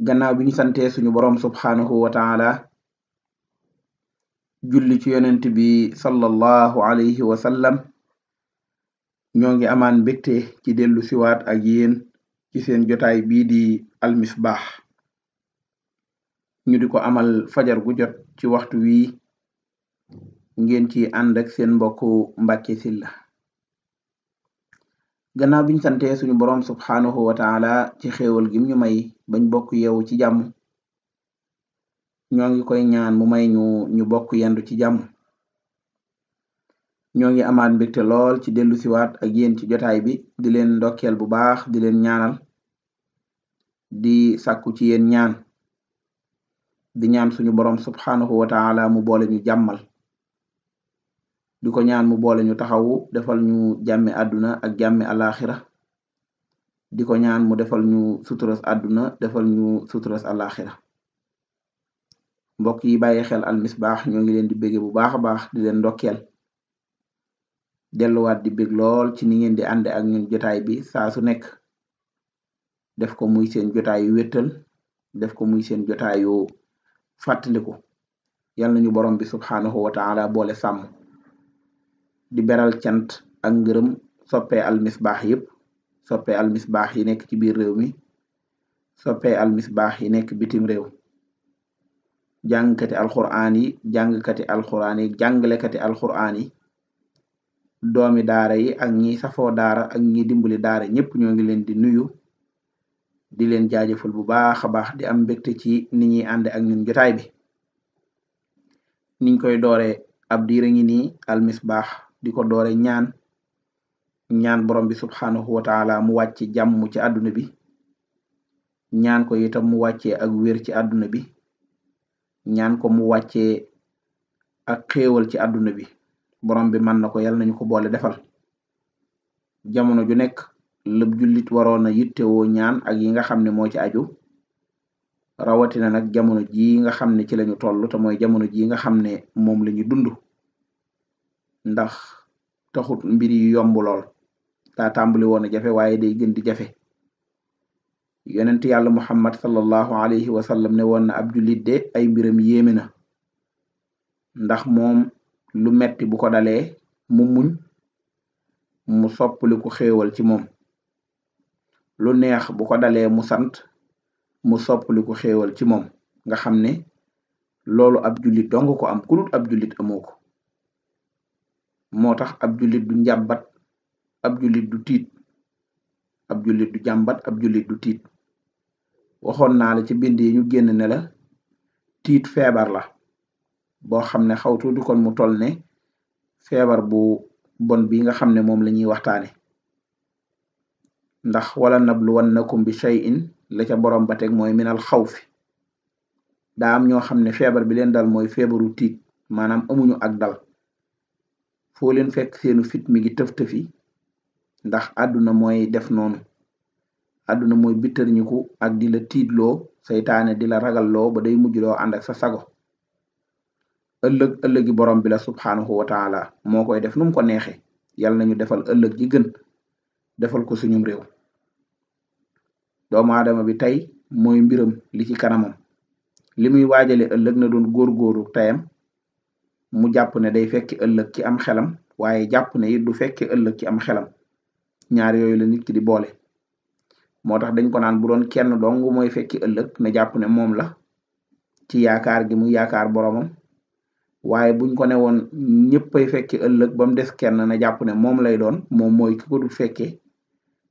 gannaaw bi ñu santee suñu boroom subxaanahu wa taala julli ci yonent bi sallallahu alayhi wa sallam ñoo ngi amaan mbégte ci dellu siwaat ak yéen ci seen jotaay bii di almisbaax ñu di ko amal fajar gu jot ci waxtu wi ngeen ci ànd seen mbokku Mbàkke Sylla gannaaw bi ñu santee suñu boroom subxaanahu wa taala ci xéewal gim ñu may bañ bokk yeewu ci jàmm ñoo ngi koy ñaan mu may ñu ñu bokk yendu ci jàmm ñoo ngi amaat mbégte lool ci dellu siwaat ak yéen ci jotaay bi di leen ndokkeel bu baax di leen ñaanal di sàkku ci yéen ñaan di ñaan suñu boroom subxaanahu wa taala mu boole ñu jàmmal di ko ñaan mu boole ñu taxawu defal ñu jàmmi àdduna ak jàmmi alaaxira di ko ñaan mu defal ñu suturas àdduna defal ñu suturas àlaxira mbokk yi bàyyi xel almisbaax ñoo ngi leen di bége bu baax a baax di leen ndokkeel delluwaat di bég lool ci ni ngeen di ànd ak ñun jotaay bi saa su nekk def ko muy seen jotaayu wéttal def ko muy seen jotaayu fàttaliku yal nañu borom bi subxanahu wa taala boole sàmm di beral cant ak ngërëm soppee almisbaax yépp soppe almisbaax yi nekk ci biir réew mi soppe almisbaax yi nekk bitim réew jàngkati alxuraan yi jàngkati alxuraan yi jàngalekati alxuraan yi doomi daara yi ak ñi safoo daara ak ñi dimbali daara ñépp ñoo ngi leen di nuyu di leen jaajëfal bu baax a baax di am mbégte ci ni ñuy ànd ak ñun jotaay bi niñ koy doore ab diira ngi nii almisbaax di ko doore ñaan ñaan borom bi subxanahu wa mu wàcce jàmm ci àdduna bi ñaan ko itam mu wàccee ak wér ci àdduna bi ñaan ko mu wàccee ak xéewal ci àdduna bi borom bi mën na ko yàlla nañu ko boole defal jamono ju nekk lëb jullit waroon na yittewoo ñaan ak yi nga xam ne moo ci aju rawatina nag jamono ji nga xam ne ci lañu toll te mooy jamono ji nga xam ne moom la dund ndax taxut mbir yu yomb lool daa tàmbali woon a jafe waaye day gën di jafe yonent yàlla muhammad sallallahu alayhi wa sallam ne woon na ab jullit de ay mbiram yéeme na ndax moom lu metti bu ko dalee mu muñ mu soppaliku xéewal ci moom lu neex bu ko dalee mu sant mu soppaliku xéewal ci moom nga xam ne loolu ab jullit dong ko am ku dul ab jullit amoo ko du njàbbat ab julit du tiit ab jullit du jàmbat ab jullit du tiit waxoon naa la ci bind yi ñu génn ne la tiit feebar la boo xam ne xaw tuuti kon mu tol ne feebar bu bon bi nga xam ne moom la ñuy waxtaane ndax wala na nabluwannakum bi shay'in la ca boroom ba teg mooy minal xawfi daa am ñoo xam ne feebar bi leen dal mooy feebaru tiit maanaam amuñu ak dal foo leen fekk seenu fit mi ngi tëf-tëfi ndax àdduna mooy def noonu àdduna mooy bittarñiku ak di la tiitloo seytaane di la ragalloo ba day mujj doo ànd ak sa sago ëllëg ëllëgi borom bi la subhaanahu wa taala moo koy def nu mu ko neexe yàlla nañu defal ëllëg ji gën defal ko suñum réew doomu aadama bi tey mooy mbiram li ci kanamam li muy waajale ëllëg na doon góorgóoru tayam mu jàpp ne day fekki ëllëg ci am xelam waaye jàpp ne it du fekki ëllëg ci am xelam ñaar yooyu la nit ki di boole moo tax dañ ko naan bu doon kenn dong mooy fekki ëllëg na jàpp ne moom la ci yaakaar gi muy yaakaar boromam waaye buñ ko ne woon ñëppay fekki ëllëg ba des kenn na jàpp ne moom lay doon moom mooy ki ko fekkee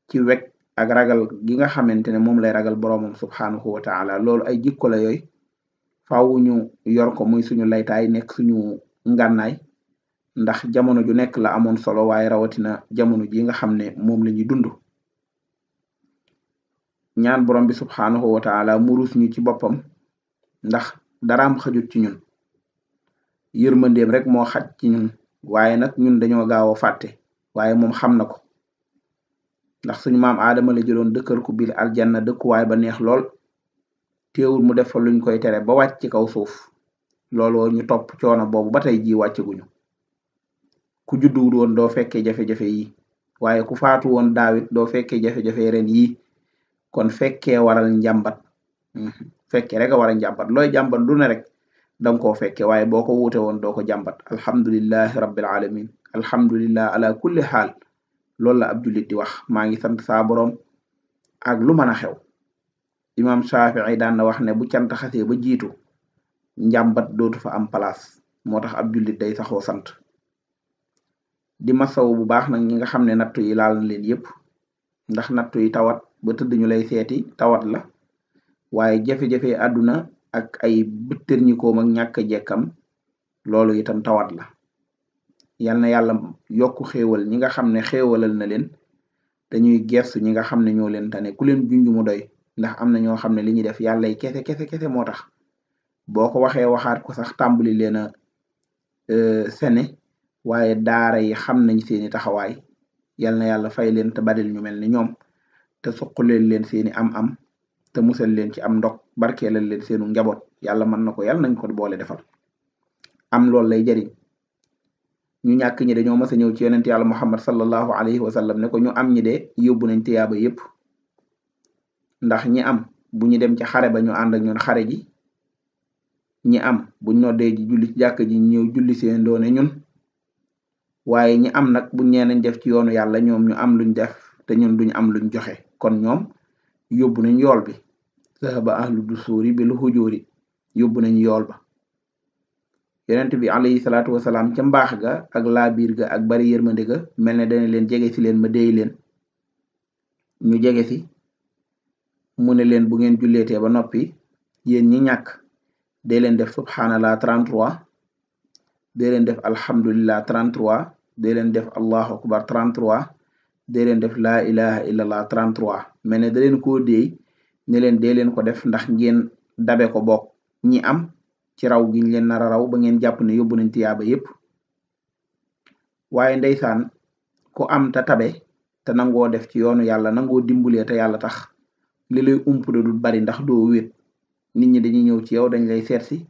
ci wek ak ragal gi nga xamante ne moom lay ragal boromam subhanahu wa taala loolu ay jikko la yooyu faaw ñu yor ko muy suñu laytaay nekk suñu ngànnaay ndax jamono ju nekk la amoon solo waaye rawatina jamono ji nga xam ne moom lañuy dund ñaan borom bi subxanahu wa taala murus ñu ci boppam ndax daraam xajut ci ñun yërmandeem rek moo xaj ci ñun waaye nag ñun dañoo gaaw a fàtte waaye moom xam na ko ndax suñ maam aadama la jëloon dëkkar ku biir aljanna dëkkuwaay ba neex lool teewul mu def fa luñ koy tere ba wàcc ci kaw suuf looloo ñu topp coono boobu ba tey ji wàccaguñu ku judduwul woon doo fekkee jafe-jafe yi waaye ku faatu woon daawit doo fekkee jafe-jafe ren yi kon fekkee waral njàmbat mhm. fekkee rek a waral njàmbat looy jàmbat lu ne rek dang koo fekke waaye boo ko wuute woon doo ko jàmbat alhamdulillahi rabbil alamin alhamdulillah ala kulli xaal loolu la ab jullit di wax maa ngi sant saa boroom ak lu mën a xew imam Shafii daan na wax ne bu cant xasee ba jiitu njàmbat dootu fa am place moo tax ab jullit day saxoo sant di masawu bu baax nag ñi nga xam ne nattu yi laal na leen yépp ndax nattu yi tawat ba tëdd ñu lay seeti tawat la waaye jafe-jafe àdduna ak ay bëttërñikoom ak ñàkk jekkam loolu itam tawat la yal na yàlla yokku xéewal ñi nga xam ne xéewalal na leen dañuy gestu ñi nga xam ne ñoo leen tane ku leen junj mu doy ndax am na ñoo xam ne li ñuy def yàllay kese kese kese moo tax boo ko waxee waxaat ko sax tàmbali leen a euh, sene waaye daara yi xam nañ seeni taxawaay yalna yàlla fay leen te baril ñu mel ni ñoom te suquleel leen leen seeni am am te musal leen ci am ndog barkeelal leen seenu njaboot yàlla mën na ko yàlla nañ ko boole defal am loolu lay jariñ ñu ñàkk ñi de ñoo mas a ñëw ci yonent yàlla muhammad sallallahu alayhi wa sallam ne ko ñu am ñi de yóbbu nañ tiyaaba yépp ndax ñi am bu ñu dem ci xare ba ñu ànd ak ñun xare ji ñi am bu ñu noddee ji julli ci ji ñëw julli seen doone ñun waaye ñi am nag bu ñee nañ def ci yoonu yàlla ñoom ñu am luñ def te ñun duñ am luñ joxe kon ñoom yóbbu nañ yool bi zahaba ahlu dusuuri bil hujuuri yóbbu nañ yool ba yonent bi alayhi salaatu wasalaam ca mbaax ga ak laabiir ga ak bari yërmande ga mel ne dana leen jege si leen ma déy leen ñu jege si mu ne leen bu ngeen julleetee ba noppi yéen ñi ñàkk day leen def subhanallah 33 dee leen def alhamdulillah 33 dee leen def allahu akbar 33 dee leen def la ilaha illallah 33 mais ne da leen ko déey ne leen dee leen ko def ndax ngeen dabe ko bokk ñi am ci raw giñ leen nara raw ba ngeen jàpp ne yóbbu nañ tiyaaba yépp waaye ndeysaan ku am ta tabe te nangoo def ci yoonu yàlla nangoo dimbulee te yàlla tax li lay ump da bari ndax doo wét nit ñi dañuy ñëw ci yow dañ lay seetsi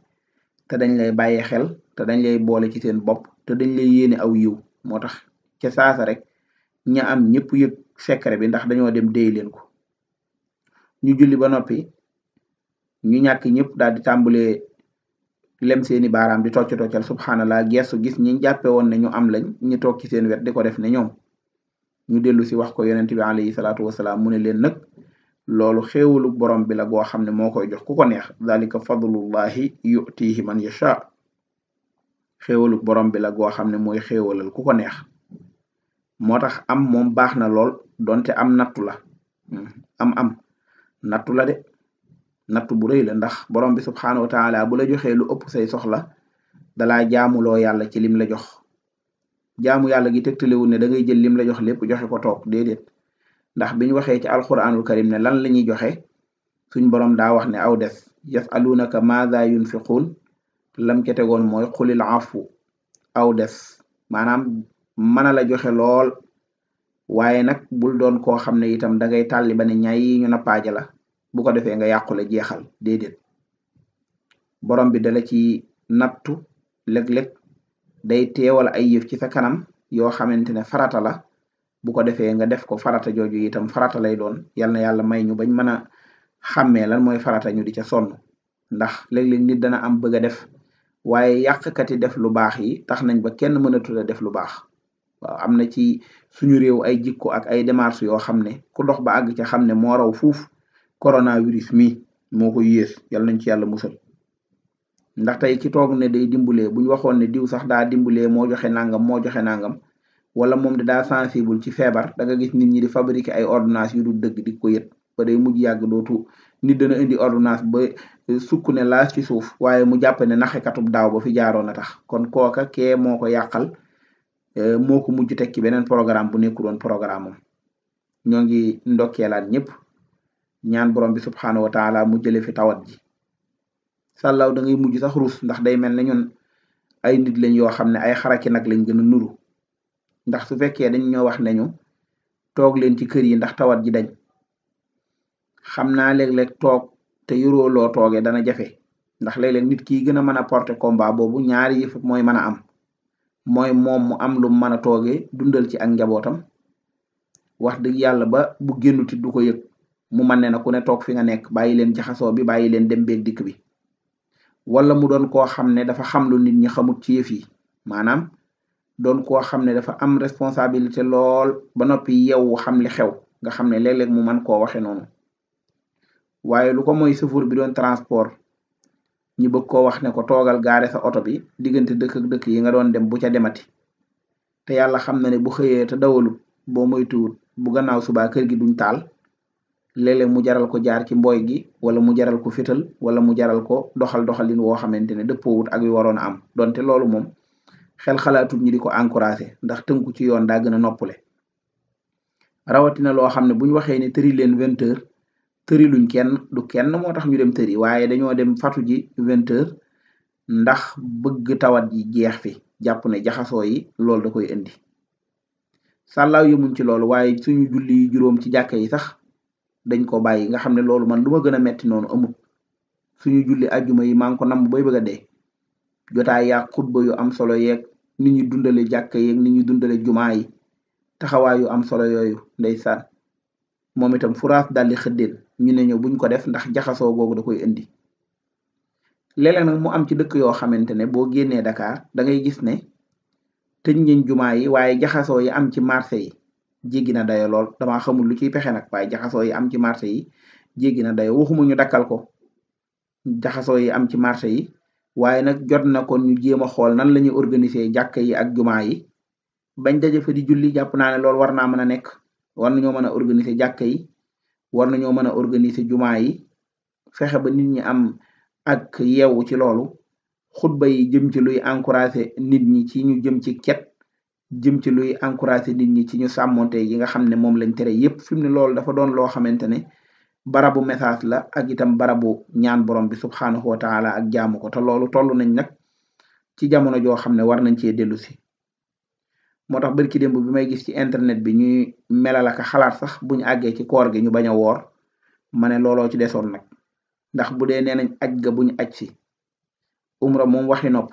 te dañ lay bàyyi xel dañ lay boole ci seen bopp te dañ lay yéene aw yiw moo tax ca saasa rek ña am ñëpp yëg secret bi ndax dañoo dem déy leen ko ñu julli ba noppi ñu ñàkk ñëpp daal di tàmbalee lem seeni baaraam di tocc toccal subhanallah geesu gis ñi jàppe woon ne ñu am lañ ñu toog ci seen wet di ko def ne ñoom ñu dellu si wax ko yonent bi alayhi salaatu wasalaam mu ne leen nag loolu xéewalu borom bi la goo xam ne moo koy jox ku ko neex dalika fadlullahi yutihi man yasha xéewalu borom bi la goo xam ne mooy xéewalal ku ko neex moo tax am moom baax na lool donte am nattu la hmm, am am nattu la de natu bu rëy la ndax borom bi subxanahu wa taala bu la joxe lu ëpp say soxla dalaa jaamuloo yàlla ci lim la jox jaamu yàlla gi tegtalewul ne da ngay jël lim la jox lépp joxe ko toog déedéet ndax biñu waxee ci alquranul karim ne lan la ñuy joxe suñ borom daa wax ne aw des yasalunaka maada yunfiquun lam ca tegoon mooy xulil afu aw des maanaam mën a la joxe lool waaye nag bul doon koo xam ne itam da ngay tàlli ba ne ñayi ñu na paaja la bu ko defee nga yàqule jeexal déedéet borom bi dala ci nattu léeg-léeg day teewal ay yëf ci sa kanam yoo xamante ne farata la bu ko defee nga def ko farata jooju itam farata lay doon yal na yàlla may ñu bañ mën a xàmmee lan mooy farata ñu di ca sonn ndax léeg-léeg nit dana am bëgg a def waaye yàqkat yi def lu baax yi tax nañ ba kenn mënatul a def lu baax waaw am na ci suñu réew ay jikko ak ay démarches yoo xam ne ku dox ba àgg ca xam ne moo raw fuuf coronavirus mi moo ko yées yal nañ ci yàlla musal ndax tey ki toog ne day dimbulee buñ waxoon ne diw sax daa dimbulee moo joxe nangam moo joxe nangam wala moom de daa sensible ci feebar da nga gis nit ñi di fabriquer ay ordonnances yu dul dëgg di ko yët ba day mujj yàgg dootu nit dana indi ordonnance ba eh, sukk ne laas ci suuf waaye mu jàpp ne naxekatub daaw ba fi jaaroon a tax kon kooka kee moo ko yàqal eh, moo ko mujj teg beneen programme bu nekku doon programme am ñoo ngi ndokkeelaat ñëpp ñaan borom bi subxanahu wa taala mu jële fi tawat ji sàllaaw da ngay mujj sax ruus ndax day mel ne ñun ay nit lañ yoo xam ne ay xaraki nag lañ gën a nuru ndax su fekkee dañ ñoo wax ne ñu toog leen ci kër yi ndax tawat ji dañ. xam naa léeg-léeg toog te yuro loo toogee dana jafe ndax léeg-léeg nit ki gën a mën a porter combat boobu ñaari yëf mooy mën a am mooy moom mu am lu mën a toogee dundal ci ak njabootam wax dëgg yàlla ba bu génnuti du ko yëg mu man ne na ku ne toog fi nga nekk bàyyi leen jaxasoo bi bàyyi leen dem beeg dikk bi wala mu doon koo xam ne dafa xam lu nit ñi xamut ci yëf yi maanaam doon koo xam ne dafa am responsabilité lool ba noppi yeewu xam li xew nga xam ne léeg-léeg mu mën koo waxe noonu waaye lu ko moy sëfuur bi doon transport ñi bëgg ko wax ne ko toogal gaare sa oto bi diggante dëkk ak dëkk yi nga doon dem bu ca demati te yàlla xam na ne bu xëyee te dawalut boo moytuwut bu gannaaw subaa kër gi duñ taal léeg mu jaral ko jaar ci mbooy gi wala mu jaral ko fétal wala mu jaral ko doxal doxalin woo xamante ne dëppoowut ak yu waroon a am donte loolu moom xel xalaatut ñi di ko encouragé ndax tënku ci yoon daa gën a noppale rawatina loo xam ne buñ waxee ne tëri leen vingt heures tëri luñ kenn du kenn moo tax ñu dem tëri waaye dañoo dem fatu ji vingt ndax bëgg tawat ji jeex fi jàpp ne jaxasoo yi loolu da koy indi sàllaaw yemuñ ci loolu waaye suñu julli juróom ci jàkka yi sax dañ ko bàyyi nga xam ne loolu man lu ma gën a metti noonu amut suñu julli ajjuma yi maa ngi ko namm bay bëgg a dee jotaay xutba yu am solo yeeg ni ñu dundale jàkka yeeg ni ñu dundale jumaa yi taxawaay yu am solo yooyu ndeysaan moom itam furaas daldi xëddeen ñu ne ñu buñ ko def ndax jaxasoo googu da koy indi léeg-léeg nag mu am ci dëkk yoo xamante ne boo génnee Dakar da ngay gis ne tëj nañ jumaa yi waaye jaxasoo yi am ci marché yi jéggi na dayo lool damaa xamul lu ciy pexe nag waaye jaxasoo yi am ci marché yi jéggi na dayo waxuma ñu dakkal ko jaxasoo yi am ci marché yi waaye nag jot na kon ñu jéem a xool nan la ñuy organiser jàkka yi ak jumaa yi bañ daje fa di julli jàpp naa ne loolu war naa mën a nekk war nañoo mën a organiser jàkka yi war nañoo mën a organiser jumaa yi fexe ba nit ñi am ak yeewu ci loolu xutba yi jëm ci luy encourager nit ñi ci ñu jëm ci ket jëm ci luy encourager nit ñi ci ñu sàmmonte yi nga xam ne moom lañ tere yépp fi mu ne loolu dafa doon loo xamante ne barabu message la ak itam barabu ñaan borom bi subxanahu wa taala ak jaamu ko te loolu toll nañ nag ci jamono joo xam ne war nañ cee dellu moo tax bërki démb bi may gis ci internet bi ñuy melalak ak xalaat sax bu ñu àggee ci koor gi ñu bañ a woor ma ne looloo ci desoon nag ndax bu dee nee nañ aj ga bu ñu aj si umra moom waxi nopp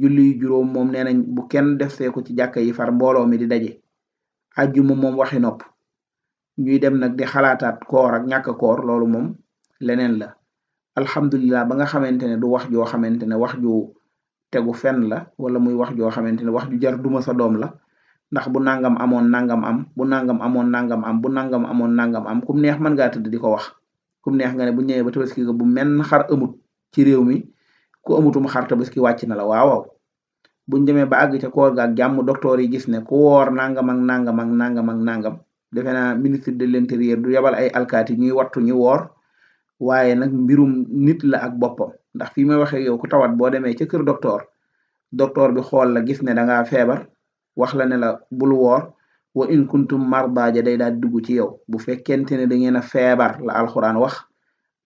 julli juróom moom nee nañ bu kenn def seeku ci jàkka yi far mbooloo mi di daje ajjuma moom waxi nopp ñuy dem nag di xalaataat koor ak ñàkk koor loolu moom leneen la alhamdulilah ba nga xamante ne du wax joo xamante ne wax ju tegu fenn la wala muy wax joo xamante ne wax ju jar duma sa doom la ndax bu nangam amoon nangam am bu nangam amoon nangam am bu nangam amoon nangam am kum neex mën ngaa tëdd di ko wax kum neex nga ne bu ñëwee ba tabaski ga bu menn xar amut ci réew mi ku amutum xar tabaski wàcc na la waawaw buñ demee ba àgg ca koor ga ak jàmm docteur yi gis ne ku woor nangam ak nangam ak nangam ak nangam defe naa ministre de l'intérieur du yabal ay alkaati ñuy wattu ñu woor waaye nag mbirum nit la ak boppam ndax fi may waxee yow ku tawat boo demee ca kër docteur docteur bi xool la gis ne da feebar wax la ne la bul woor wa in kuntum marda ja day daal dugg ci yow bu fekkente ne da ngeen a feebar la alxuraan wax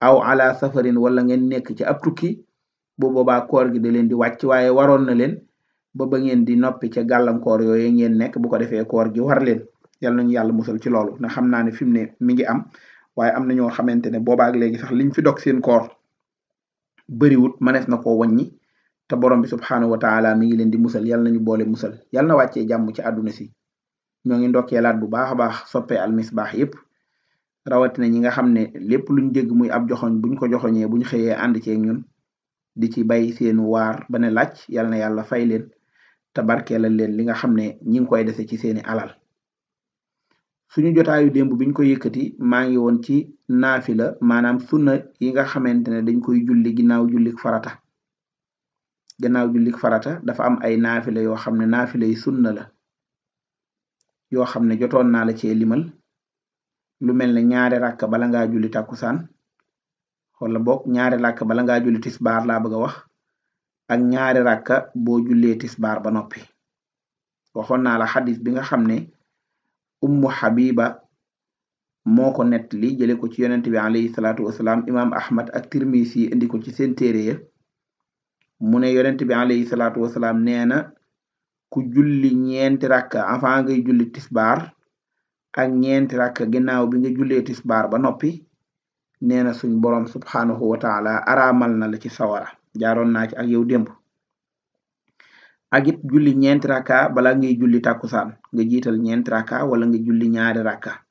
aw ala safarin wala ngeen nekk ci ab tukki bu boobaa koor gi da leen di wàcc waaye waroon na leen ba ba ngeen di noppi ca gàllankoor yooyu ngeen nekk bu ko defee koor gi war leen yal nañu yàlla musal ci loolu na xam naa ne fi mu ne mi ngi am waaye am na ñoo xamante ne boobaak léegi sax liñ fi dog seen bëriwut manees na ko wàññi te borom bi subxanahu wa taala mi ngi leen di musal yal nañu boole musal yal na wàccee jàmm ci àdduna si ñoo ngi ndokkeelaat bu baax a baax soppee almisbaax yépp rawatina ñi nga xam ne lépp luñ dégg muy ab joxoñ buñ ko joxoñee buñ xëyee ànd ceeg ñun di ci bay seenu waar ba ne laaj yal na yàlla fay leen te barkeelal leen li nga xam ne ñi ngi koy dese ci seeni alal suñu jotaayu démb biñ ko yëkkati maa woon ci naafila maanaam sunna yi nga xamante ne dañ koy julli ginnaaw jullik farata ginnaaw jullik farata dafa am ay naafila yoo xam ne naafila yi sunna la yoo xam ne jotoon naa la cee limal lu mel ne ñaari ràkk bala ngaa julli tàkkusaan wala boog ñaari ràkk bala ngaa julli tisbaar laa bëgg a wax ak ñaari ràkka boo jullee tisbaar ba noppi waxoon naa la xadis bi nga xam ne ummu Habiba moo ko nettali jële ko ci yonent bi alayhi salaatu wasalaam imaam ahmad ak tirmisi indi ko ci seen téere mu ne yonent bi alayhi salaatu wasalaam nee na ku julli ñeenti rakk avant ngay julli tisbaar ak ñeenti rakk ginnaaw bi nga jullee tisbaar ba noppi nee na suñ boroom subhaanahu wa taala na la ci sawara jaaroon naa ci ak yow démb ak julli ñeenti rakka bala ngay julli tàkkusaan nga jiital ñeenti rakka wala nga julli ñaari rakka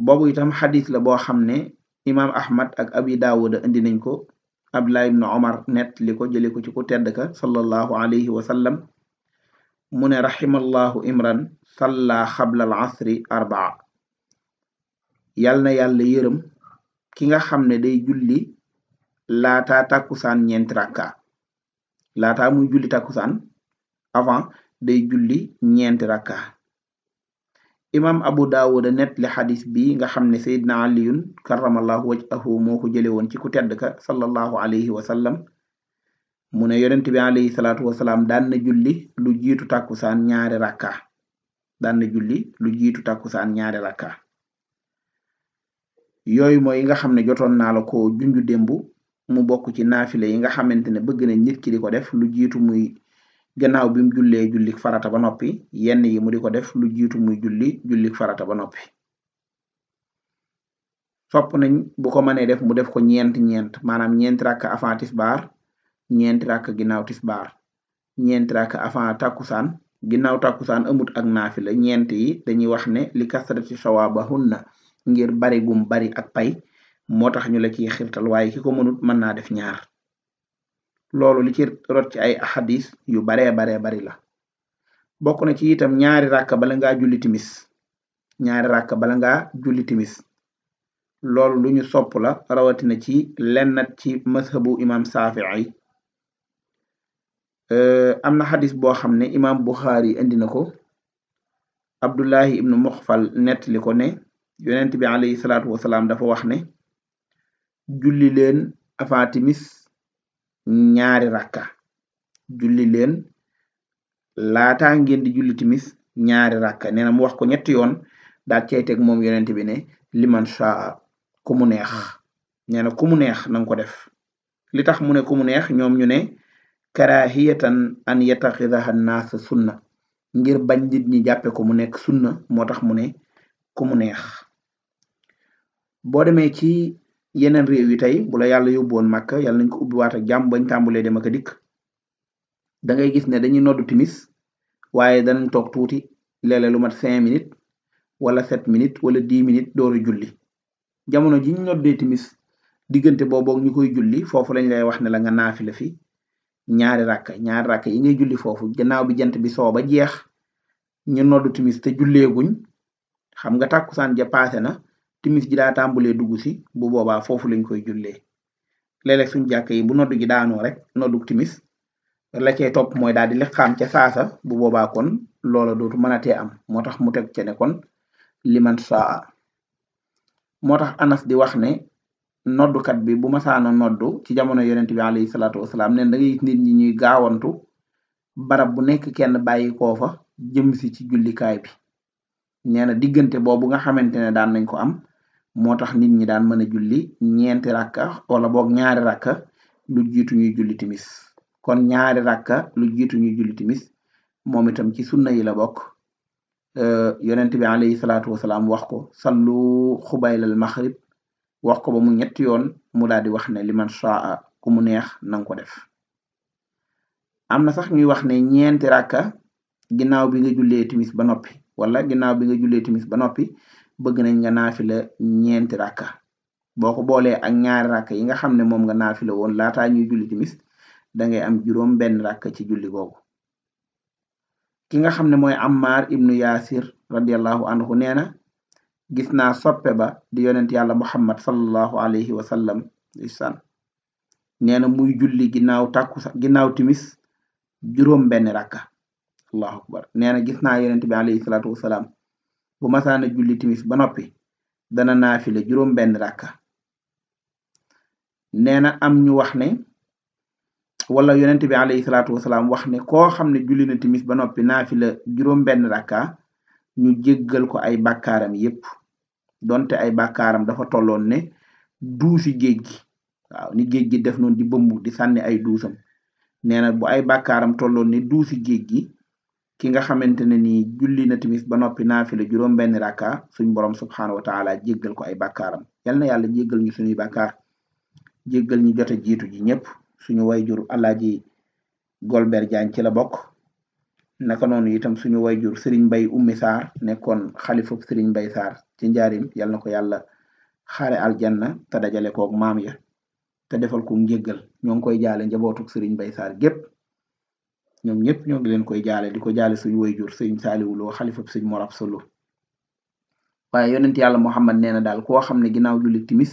boobu itam hadis la boo xam ne imaam ahmad ak abi daawuda indi nañ ko abdullah ibn omar net li ko jële ko ci ku tedd ka sallallahu alayhi wa sallam mu ne raximallahu imran salla xabla al asri arbaa yal na yàlla yërëm ki nga xam ne day julli laataa tàkkusaan ñeenti rakka laataa muy julli avant day julli ñeenti rakka imam abu daawuda nettali xadis bi nga xam ne saydna aliyun karamallahu wajhahu moo ko jële woon ci ku tedd ka alayhi wa sallam mu ne yonent bi alayhi salaatu wasalaam daan na julli lu jiitu tàkkusaan ñaari rakka daan na julli lu jiitu tàkkusaan ñaari rakka yooyu mooy nga xam ne jotoon naa la ko junju démb mu bokk ci naafile yi nga xamante ne bëgg na nit ki di ko def lu jiitu muy gannaaw bi mu jullee jullik farata ba noppi yenn yi mu di ko def lu jiitu muy julli jullik farata ba noppi sopp nañ bu ko mënee def mu def ko ñeent ñeent maanaam ñeenti rakk avant tisbaar ñeenti rakk ginnaaw tisbaar ñeenti rakk avant takkusaan ginnaaw takkusaan amut ak naafila ñeent yi dañuy wax ne li kasrati na ngir bari gum bari ak pay moo tax ñu la ciy xirtal waaye ki ko mënut mën naa def ñaar loolu li ci rot ci ay ahadis yu baree baree bari la bokk na ci itam ñaari ràkk bala ngaa julli timis ñaari ràkk bala ngaa julli timis loolu lu ñu sopp la rawatina ci lennat ci mazhabu imam Saafi'i am na xadis boo xam ne imam Buxaari indi na ko Abdullahi ibnu Muxfal nettali ko ne yonent bi alayhi salaatu wasalaam dafa wax ne julli leen avant timis ñaari rakka juli leen laata ngeen di julli timis ñaari rakka neena mu wax ko ñetti yoon daal cey teg moom yonent bi ne liman shaa ku mu neex neena ku mu neex nang ko def li tax mu ne ku mu neex ñoom ñu ne karahiyatan an yataxidaha naas sunna ngir bañ nit ñi jàppe ko mu nekk sunna moo tax mu ne ku mu neex boo demee ci yeneen réew yi tey bu la yàlla yóbboon màkk yàlla nañ ko ubbiwaat ak jàmm bañ tàmbulee dem ak a dikk da ngay gis ne dañuy noddu timis waaye danañ toog tuuti léeg lu mat cinq minutes wala sept minutes wala dix minutes dooru julli jamono ji ñu noddee timis diggante booboog ñu koy julli foofu lañ lay wax ne la nga naafi la fi ñaari rakka ñaari rakka yi ngay julli foofu gannaaw bi jant bi soo ba jeex ñu noddu timis te julleeguñ xam nga tàkkusaan ja paase na timis ji daa tàmbulee dugg si bu boobaa foofu lañ koy jullee léeg suñ jàkk yi bu noddu gi daanoo rek noddu timis la cee topp mooy daal di liqaam ca saasa bu boobaa kon loola dootu mën a tee am moo tax mu teg ca ne kon liman saa moo tax anas di wax ne noddukat bi bu masaana noddu ci jamono yonent bi alayhi salaatu wasalaam neen da ngay nit ñi ñuy gaawantu barab bu nekk kenn bàyyi koo fa jëm si ci jullikaay bi nee na diggante boobu nga xamante ne daal nañ ko am moo tax nit ñi daan mën a julli ñeenti rakka wala boog ñaari rakka lu jiitu ñuy julli timis kon ñaari rakka lu jiitu ñuy julli timis moom itam ci sunna yi la bokk euh, yonent bi alayhi salaatu wasalaam wax ko sallu xubaylal maxrib wax ko ba mu ñetti yoon mu daal di wax ne liman saa ku mu neex nanga ko def am na sax ñuy wax ne ñeenti rakka ginnaaw bi nga jullee timis ba noppi wala ginnaaw bi nga jullee timis ba noppi bëgg nañ nga naafila ñeenti ràkka boo ko boolee ak ñaari ràkka yi nga xam ne moom nga naafila woon laataa ñuy julli timis dangay am juróom benn ràkka ci julli ki nga xam ne mooy Ammar ibnu Yaasir radiallahu anhu nee na gis naa soppe ba di yonent yàlla muhammad sallallahu alayhi wa sallam isan nee na muy julli ginnaaw tàkku ginnaaw timis juróom benn ràkka allahu akbar nee na gis naa yonent bi alayhi salaatu wasalaam bu masaana julli timis ba noppi dana naafile juróom benn ràkka nee na am ñu wax ne wala yonent bi alayhi salaatu wasalaam wax ne koo xam ne julli na timis ba noppi naafila juróom benn ràkka ñu jéggal ko ay bàkkaaram yépp donte ay bàkkaaram dafa tolloon ne duusi géej gi waaw ni géej gi def noonu di bëmb di sànni ay duusam nee na bu ay bàkkaaram tolloon ne duusi géej gi ki nga xamante ne ni julli na timis ba noppi naafila juróom benn raka suñ borom subxanahu wa taala jéggal ko ay bàkkaaram yal na yàlla jéggal ñu suñuy bàkkaar jéggal ñu jote jiitu ji ñëpp suñu wayjur alaaji Golbert Diagne ci la bokk naka noonu itam suñu wayjur Serigne Mbaye Oumy Sarr nekkoon xalifub Serigne Mbaye saar ci njariñ yal na ko yàlla xaare aljanna te dajale koog maam ya te defal ko njéggal ñoo ngi koy jaale njabootuk Serigne Mbaye Sarr gépp ñoom ñëpp ñoo ngi leen koy jaale di ko jaale suñu wayjur sëñ Saaliwu Lo xalifa sëñ Mor Absa Lo waaye yonent yàlla Muhammad nee na daal koo xam ne ginnaaw julli timis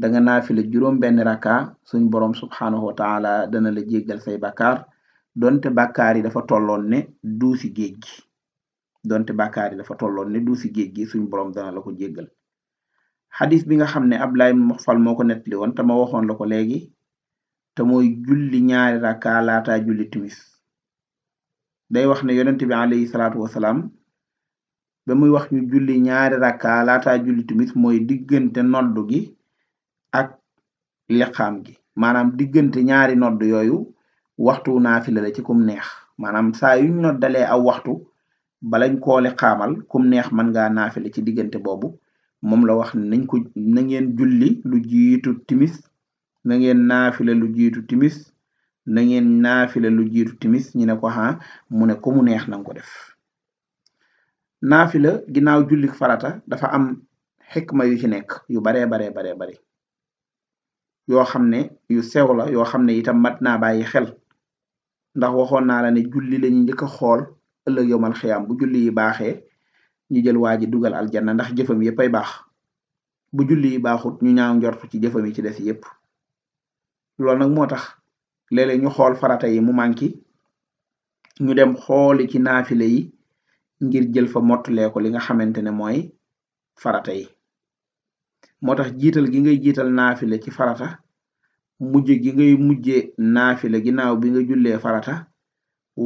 danga naafila juróom benn raka suñ borom subxanahu wa taala dana la jéggal say bakkaar donte bakkaar yi dafa tolloon ne duusi géej gi donte bakkaar yi dafa tolloon ne duusi géej gi suñ borom dana la ko jéggal xadis bi nga xam ne Ablaye Moxfal moo ko nettali woon te ma waxoon la ko léegi te mooy julli ñaari raka laata julli timis day wax ne yonent bi alayhi salaatu wasalaam ba muy wax ñu julli ñaari rakka laataa julli timis mooy diggante noddu gi ak liqaam gi maanaam diggante ñaari nodd yooyu waxtu naafila la ci kum neex maanaam saa yuñ noddalee aw waxtu balañ koo liqaamal kum neex mën ngaa naafila ci diggante boobu moom la wax nañ ko na ngeen julli lu jiitu timis na ngeen naafila lu jiitu timis na ngeen naafila lu jiitu timis ñu ne ko ah mu ne ku mu neex nanga ko def naafila ginnaaw jullik farata dafa am xikma yu ci nekk yu baree baree baree bari yoo xam ne yu sew la yoo xam ne itam mat naa bàyyi xel ndax waxoon naa la ne julli lañu njëkk a xool ëllëg yowmal xiyaam bu julli yi baaxee ñu jël waa ji dugal aljanna ndax jëfam yépp ay baax bu julli yi baaxut ñu ñaaw njort ci jëfam yi ci des yépp nag moo tax léeg-léeg ñu xool farata yi mu manki ñu dem xooli ci naafile yi ngir jël fa mottulee ko li nga xamante ne mooy farata yi moo tax jiital gi ngay jiital naafile ci farata mujj gi ngay mujje naafile ginnaaw bi nga jullee farata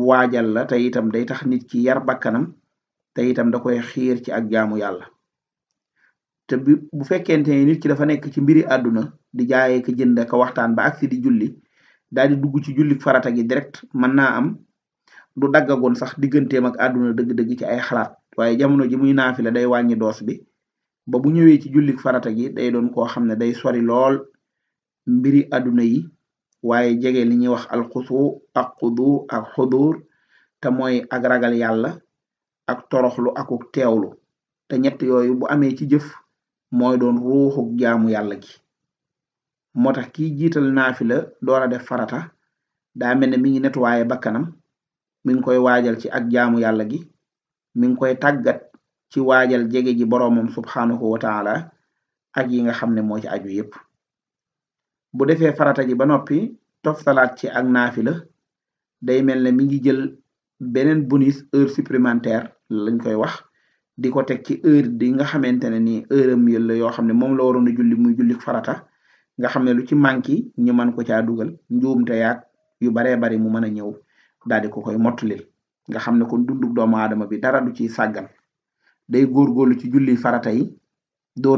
waajal la te itam day tax nit ki yar bakkanam te itam da koy xiir ci ak jaamu yàlla te bu fekkente ne nit ci dafa nekk ci mbiri àdduna di jaayee ka jënd ka waxtaan ba ak si di julli daal di dugg ci julli farata gi direct mën naa am du daggagoon sax digganteem ak àdduna dëgg-dëgg ci ay xalaat waaye jamono ji muy naafila day wàññi doos bi ba bu ñëwee ci julli farata gi day doon koo xam ne day sori lool mbiri àdduna yi waaye jege li ñuy wax alxusu ak xudu ak xudur te mooy ak ragal yàlla ak toroxlu akuk teewlu te ñett yooyu bu amee ci jëf mooy doon ruuxuk jaamu yàlla gi moo tax kiy jiital naafila door a def farata daa mel ne mi ngi netuwaaye bakkanam mi ngi koy waajal ci ag jaamu yàlla gi mi ngi koy tàggat ci waajal jege ji boroomam subxanahu wa taala ak yi nga xam ne moo ci aju yépp bu defee farata ji ba noppi toftalaat ci ak naafila day mel ne mi ngi jël beneen bonus heure supplémentaire lañ koy wax di ko teg ci heure di nga xamante ne ni heure am la yoo xam ne moom la waroon a julli muy julli farata nga xam ne lu ci manki ñu mën ko caa dugal njuumte yaag yu baree bari mu mën a ñëw daal di ko koy mottulil nga xam ne kon dundug doomu aadama bi dara du ci sàggan day góorgóorlu ci julli farata yi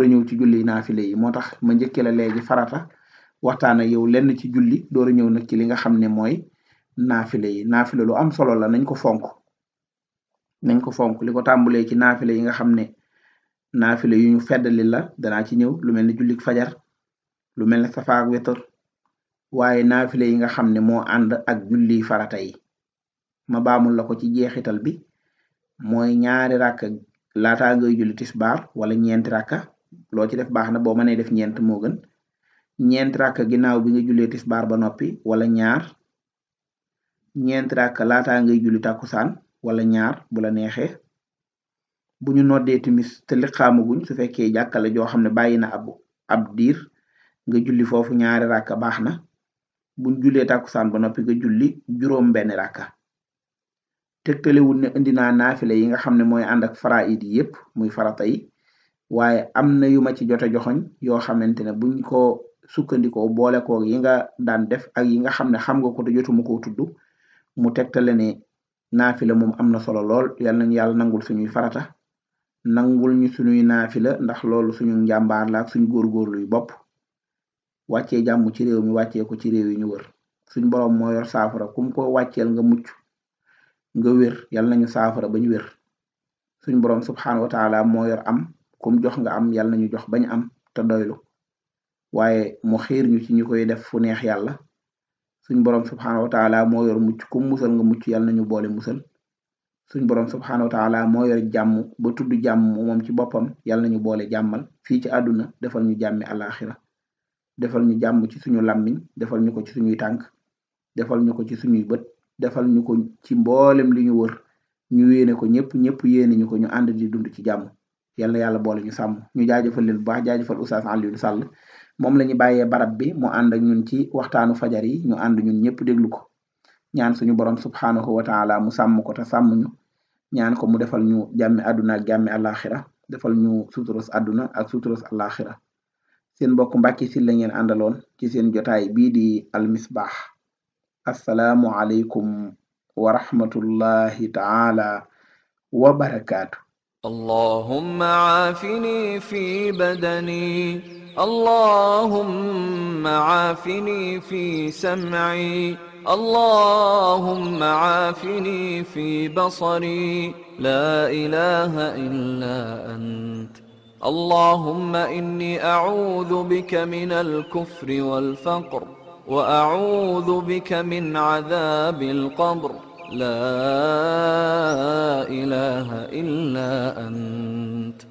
a ñëw ci julli naafile yi moo tax ma njëkkee la léegi farata waxtaan ak yow lenn ci julli door a ñëw nag ci li nga xam ne mooy naafile yi naafile lu am solo la nañ ko fonk nañ ko fonk li ko tàmbulee ci naafile yi nga xam ne naafile yu ñu feddali la danaa ci ñëw lu mel ni jullik fajar lu mel ne safaak witr waaye naafile yi nga xam ne moo ànd ak julli farata yi ma baamul la ko ci jeexital bi mooy ñaari rakk laataa ngay julli tisbaar wala ñeenti rakka loo ci def baax na boo mënee def ñeent moo gën ñeent rakk ginnaaw bi nga jullee tisbaar ba noppi wala ñaar ñeent rakk laataa ngay julli tàkkusaan wala ñaar bu la neexee bu ñu noddee timis te liqaamuguñ su fekkee jàkkale joo xam ne bàyyi na ab ab diir nga julli foofu ñaari rakka baax na buñ julee tàkkusaan ba noppi nga julli juróom benn rakka tegtalewul ne indi naa naafile yi nga xam ne mooy ànd ak faraid yi yépp muy farata yi waaye am na yu ma ci jot a joxoñ yoo xamante ne buñ ko sukkandikoo boole koog yi nga daan def ak yi nga xam ne xam nga ko te jotuma koo tudd mu tegtale ne naafila moom am na solo lool yal nañu yàlla nangul suñuy farata nangul ñu suñuy naafila ndax loolu suñu njàmbaar la ak suñu góorgóorluy bopp wàccee jàmm ci réew mi wàccee ko ci réew yi ñu wër suñ boroom moo yor saafara kum ko wàcceel nga mucc nga wér yal nañu saafara bañ wér suñ boroom subxanahu wa taala moo yor am kum jox nga am yal nañu jox bañ am te doylu waaye mu xiir ñu ci ñu koy def fu neex yàlla suñ boroom subxanahu wa taala moo mucc kum musal nga mucc yal nañu boole musal suñ boroom subxanahu wa taala moo jàmm ba tudd jàmm moom ci boppam yal nañu boole jàmmal fii ci àdduna defal ñu jàmmi àllaaxira defal ñu jàmm ci suñu làmmiñ defal ñu ko ci suñuy tànk defal ñu ko ci suñuy bët defal ñu ko ci mboolem li ñu wër ñu yéene ko ñëpp ñëpp yéene ñu ko ñu ànd di dund ci jàmm yal na yàlla boole ñu sàmm ñu jaajëfal leen bu baax jaajëfal Oustaz Alioune Sall moom la ñu bàyyee barab bi mu ànd ak ñun ci waxtaanu fajar yi ñu ànd ñëpp déglu ko ñaan suñu borom subhaanahu wa taala mu sàmm ko te sàmm ñu ñaan ko mu defal ñu jàmmi àdduna ak jàmmi defal ñu suturos àdduna ak suturos àllaaxira seen mbokk Mbàkke Sylla ngeen àndaloon ci seen jotaay bii di almisbaax assalaamu aleykum wa taala wa barakaatu اللهم عافني في بدني اللهم عافني في سمعي اللهم عافني اللهم إني أعوذ بك من الكفر والفقر وأعوذ بك من عذاب القبر لا إله إلا أنت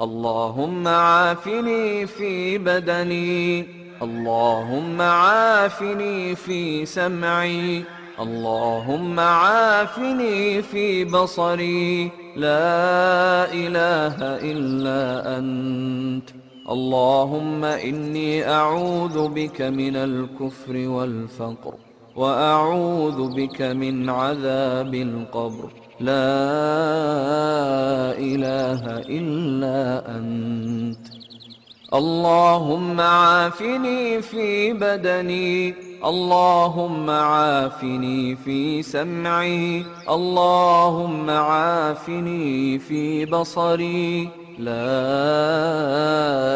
اللهم عافني في بدني اللهم عافني في سمعي اللهم عافني في بصري لا إله إلا أنت اللهم إني أعوذ بك من الكفر والفقر وأعوذ بك من عذاب القبر لا إله إلا أنت اللهم عافني في بدني اللهم عافني في سمعي اللهم عافني في بصري لا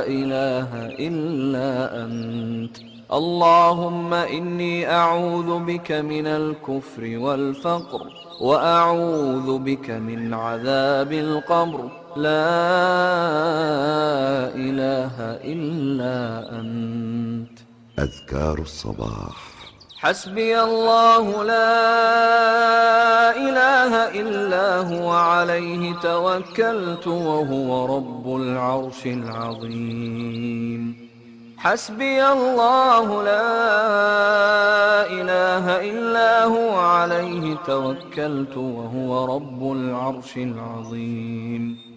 إله إلا أنت اللهم إني أعوذ بك من الكفر والفقر وأعوذ بك من عذاب القبر لا إله إلا أنت أذكار الصباح حسبي الله لا إله إلا هو عليه توكلت وهو رب العرش العظيم حسبي الله لا إله إلا هو عليه توكلت وهو رب العرش العظيم